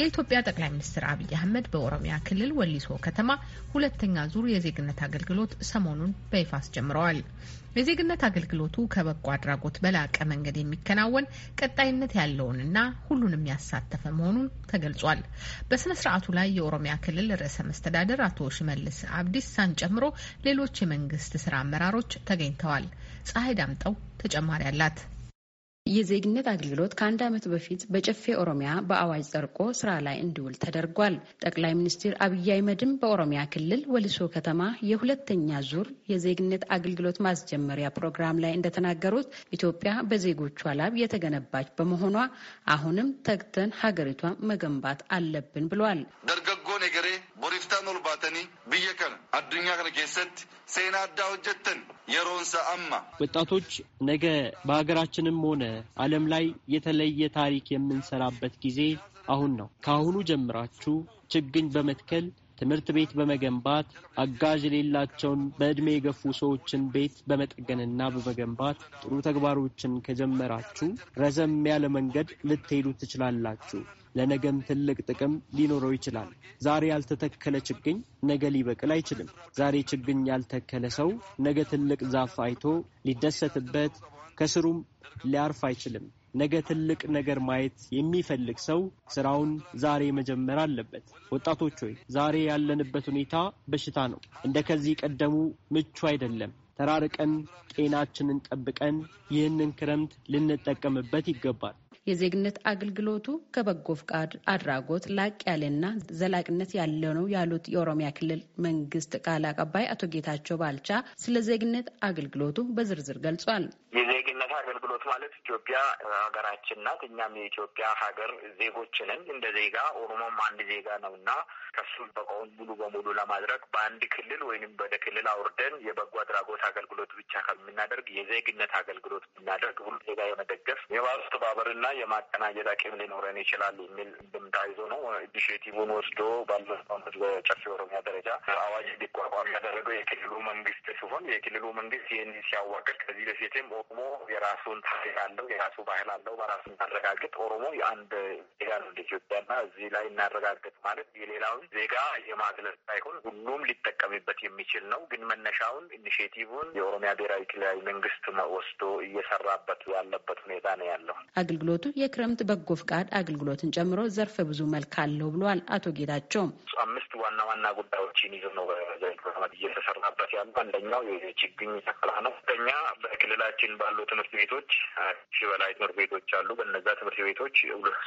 የኢትዮጵያ ጠቅላይ ሚኒስትር አብይ አህመድ በኦሮሚያ ክልል ወሊሶ ከተማ ሁለተኛ ዙር የዜግነት አገልግሎት ሰሞኑን በይፋ አስጀምረዋል። የዜግነት አገልግሎቱ ከበጎ አድራጎት በላቀ መንገድ የሚከናወን ቀጣይነት ያለውንና ሁሉንም ያሳተፈ መሆኑን ተገልጿል። በስነ ስርዓቱ ላይ የኦሮሚያ ክልል ርዕሰ መስተዳደር አቶ ሽመልስ አብዲሳን ጨምሮ ሌሎች የመንግስት ስራ አመራሮች ተገኝተዋል። ፀሐይ ዳምጠው ተጨማሪ አላት። የዜግነት አገልግሎት ከአንድ ዓመት በፊት በጨፌ ኦሮሚያ በአዋጅ ጸድቆ ስራ ላይ እንዲውል ተደርጓል። ጠቅላይ ሚኒስትር አብይ አህመድም በኦሮሚያ ክልል ወሊሶ ከተማ የሁለተኛ ዙር የዜግነት አገልግሎት ማስጀመሪያ ፕሮግራም ላይ እንደተናገሩት ኢትዮጵያ በዜጎቿ ላብ የተገነባች በመሆኗ አሁንም ተግተን ሀገሪቷን መገንባት አለብን ብሏል። ደርገጎ ነገሬ ቦሪፍታ ብየ ከን አዱኛ ከነ ኬሰት ሴና አዳ ሆጀተን የሮንሰ አማ ወጣቶች ነገ በሀገራችንም ሆነ ዓለም ላይ የተለየ ታሪክ የምንሰራበት ጊዜ አሁን ነው። ከአሁኑ ጀምራችሁ ችግኝ በመትከል ትምህርት ቤት በመገንባት አጋዥ የሌላቸውን በዕድሜ የገፉ ሰዎችን ቤት በመጠገንና በመገንባት ጥሩ ተግባሮችን ከጀመራችሁ ረዘም ያለ መንገድ ልትሄዱ ትችላላችሁ። ለነገም ትልቅ ጥቅም ሊኖረው ይችላል። ዛሬ ያልተተከለ ችግኝ ነገ ሊበቅል አይችልም። ዛሬ ችግኝ ያልተከለ ሰው ነገ ትልቅ ዛፍ አይቶ ሊደሰትበት ከስሩም ሊያርፍ አይችልም። ነገ ትልቅ ነገር ማየት የሚፈልግ ሰው ስራውን ዛሬ መጀመር አለበት። ወጣቶች ሆይ ዛሬ ያለንበት ሁኔታ በሽታ ነው። እንደ ከዚህ ቀደሙ ምቹ አይደለም። ተራርቀን ጤናችንን ጠብቀን ይህንን ክረምት ልንጠቀምበት ይገባል። የዜግነት አገልግሎቱ ከበጎ ፍቃድ አድራጎት ላቅ ያለና ዘላቂነት ያለው ነው ያሉት የኦሮሚያ ክልል መንግስት ቃል አቀባይ አቶ ጌታቸው ባልቻ ስለ ዜግነት አገልግሎቱ በዝርዝር ገልጿል። አገልግሎት ማለት ኢትዮጵያ ሀገራችን ናት። እኛም የኢትዮጵያ ሀገር ዜጎችንን እንደ ዜጋ ኦሮሞም አንድ ዜጋ ነው እና ከሱ በቀውን ሙሉ በሙሉ ለማድረግ በአንድ ክልል ወይንም ወደ ክልል አውርደን የበጎ አድራጎት አገልግሎት ብቻ ከምናደርግ የዜግነት አገልግሎት ብናደርግ ሁሉ ዜጋ የመደገፍ የማስተባበርና የማቀናጀት አቅም ሊኖረን ይችላል የሚል ድምታ ይዞ ነው ኢኒሽቲቭን ወስዶ ባለፈው ዓመት በጨፌ ኦሮሚያ ደረጃ አዋጅ እንዲቋቋም ያደረገው የክልሉ መንግስት ሲሆን የክልሉ መንግስት ይህን ሲያዋቅር ከዚህ በፊትም ኦሮሞ የራ የራሱን ታሪክ አለው፣ የራሱ ባህል አለው። በራሱ እናረጋግጥ። ኦሮሞ የአንድ ዜጋ ነው ኢትዮጵያ እዚህ ላይ እናረጋግጥ ማለት የሌላውን ዜጋ የማግለል ሳይሆን ሁሉም ሊጠቀምበት የሚችል ነው። ግን መነሻውን ኢኒሽቲቭን የኦሮሚያ ብሔራዊ ክልላዊ መንግስት ወስዶ እየሰራበት ያለበት ሁኔታ ነው ያለው። አገልግሎቱ የክረምት በጎ ፍቃድ አገልግሎትን ጨምሮ ዘርፈ ብዙ መልክ አለው ብሏል አቶ ጌታቸው። አምስት ዋና ዋና ጉዳዮችን ይዞ ነው እየተሰራበት ያለው። አንደኛው የችግኝ ተከላ ነው። ሁለተኛ በክልላችን ባሉ ትምህርት ቤቶች ሺ በላይ ትምህርት ቤቶች አሉ። በነዛ ትምህርት ቤቶች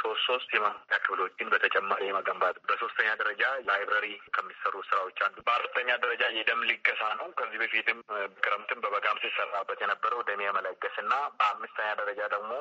ሶስት ሶስት የማፍያ ክፍሎችን በተጨማሪ የመገንባት በሶስተኛ ደረጃ ላይብረሪ ከሚሰሩ ስራዎች አንዱ፣ በአራተኛ ደረጃ የደም ልገሳ ነው። ከዚህ በፊትም ክረምትም በበጋም ሲሰራበት የነበረው ደም የመለገስ እና በአምስተኛ ደረጃ ደግሞ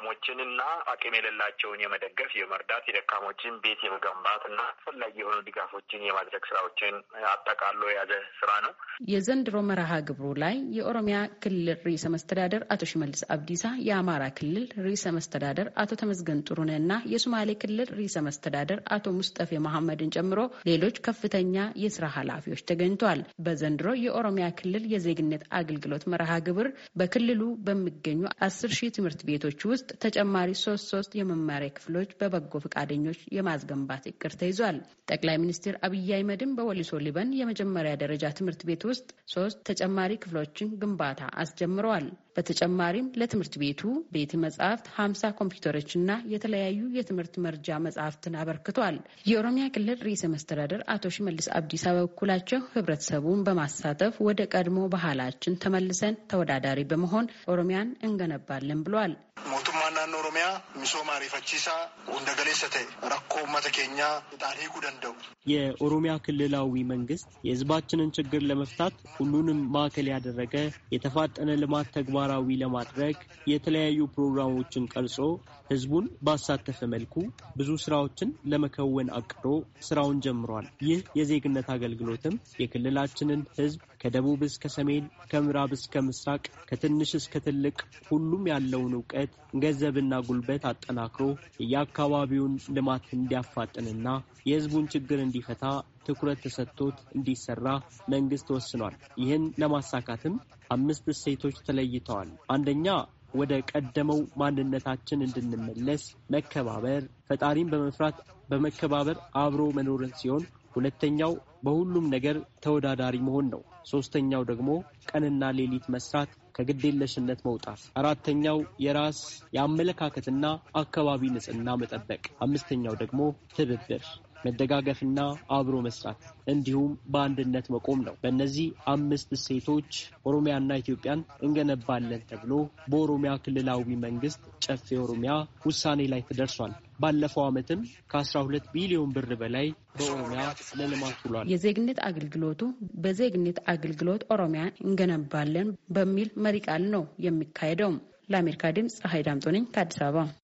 ደካሞችን እና አቅም የሌላቸውን የመደገፍ የመርዳት፣ የደካሞችን ቤት የመገንባት እና አስፈላጊ የሆኑ ድጋፎችን የማድረግ ስራዎችን አጠቃሎ የያዘ ስራ ነው። የዘንድሮ መርሃ ግብሩ ላይ የኦሮሚያ ክልል ርዕሰ መስተዳደር አቶ ሽመልስ አብዲሳ፣ የአማራ ክልል ርዕሰ መስተዳደር አቶ ተመስገን ጥሩነ እና የሶማሌ ክልል ርዕሰ መስተዳደር አቶ ሙስጠፌ መሐመድን ጨምሮ ሌሎች ከፍተኛ የስራ ኃላፊዎች ተገኝተዋል። በዘንድሮ የኦሮሚያ ክልል የዜግነት አገልግሎት መርሃ ግብር በክልሉ በሚገኙ አስር ሺህ ትምህርት ቤቶች ውስጥ ውስጥ ተጨማሪ ሶስት ሶስት የመማሪያ ክፍሎች በበጎ ፈቃደኞች የማስገንባት እቅድ ተይዟል። ጠቅላይ ሚኒስትር አብይ አህመድም በወሊሶ ሊበን የመጀመሪያ ደረጃ ትምህርት ቤት ውስጥ ሶስት ተጨማሪ ክፍሎችን ግንባታ አስጀምረዋል። በተጨማሪም ለትምህርት ቤቱ ቤተ መጻሕፍት ሀምሳ ኮምፒውተሮችና የተለያዩ የትምህርት መርጃ መጻሕፍትን አበርክቷል። የኦሮሚያ ክልል ርዕሰ መስተዳደር አቶ ሽመልስ አብዲሳ በበኩላቸው ህብረተሰቡን በማሳተፍ ወደ ቀድሞ ባህላችን ተመልሰን ተወዳዳሪ በመሆን ኦሮሚያን እንገነባለን ብሏል። naannoo Oromiyaa misooma ariifachiisaa hunda galeessa ta'e rakkoo uummata keenyaa ixaan hiikuu danda'u የኦሮሚያ ክልላዊ መንግስት የህዝባችንን ችግር ለመፍታት ሁሉንም ማዕከል ያደረገ የተፋጠነ ልማት ተግባራዊ ለማድረግ የተለያዩ ፕሮግራሞችን ቀርጾ ህዝቡን ባሳተፈ መልኩ ብዙ ስራዎችን ለመከወን አቅዶ ስራውን ጀምሯል። ይህ የዜግነት አገልግሎትም የክልላችንን ህዝብ ከደቡብ እስከ ሰሜን፣ ከምዕራብ እስከ ምስራቅ፣ ከትንሽ እስከ ትልቅ ሁሉም ያለውን እውቀት ገንዘብና ጉልበት አጠናክሮ የአካባቢውን ልማት እንዲያፋጥንና የሕዝቡን ችግር እንዲፈታ ትኩረት ተሰጥቶት እንዲሰራ መንግስት ወስኗል። ይህን ለማሳካትም አምስት እሴቶች ተለይተዋል። አንደኛ ወደ ቀደመው ማንነታችን እንድንመለስ መከባበር፣ ፈጣሪን በመፍራት በመከባበር አብሮ መኖርን ሲሆን ሁለተኛው በሁሉም ነገር ተወዳዳሪ መሆን ነው። ሶስተኛው ደግሞ ቀንና ሌሊት መስራት፣ ከግዴለሽነት መውጣት። አራተኛው የራስ የአመለካከትና አካባቢ ንጽህና መጠበቅ። አምስተኛው ደግሞ ትብብር መደጋገፍና አብሮ መስራት እንዲሁም በአንድነት መቆም ነው። በእነዚህ አምስት እሴቶች ኦሮሚያና ኢትዮጵያን እንገነባለን ተብሎ በኦሮሚያ ክልላዊ መንግስት ጨፌ ኦሮሚያ ውሳኔ ላይ ተደርሷል። ባለፈው ዓመትም ከ12 ቢሊዮን ብር በላይ በኦሮሚያ ለልማት ውሏል። የዜግነት አገልግሎቱ በዜግነት አገልግሎት ኦሮሚያን እንገነባለን በሚል መሪ ቃል ነው የሚካሄደው። ለአሜሪካ ድምፅ ፀሐይ ዳምጦ ነኝ ከአዲስ አበባ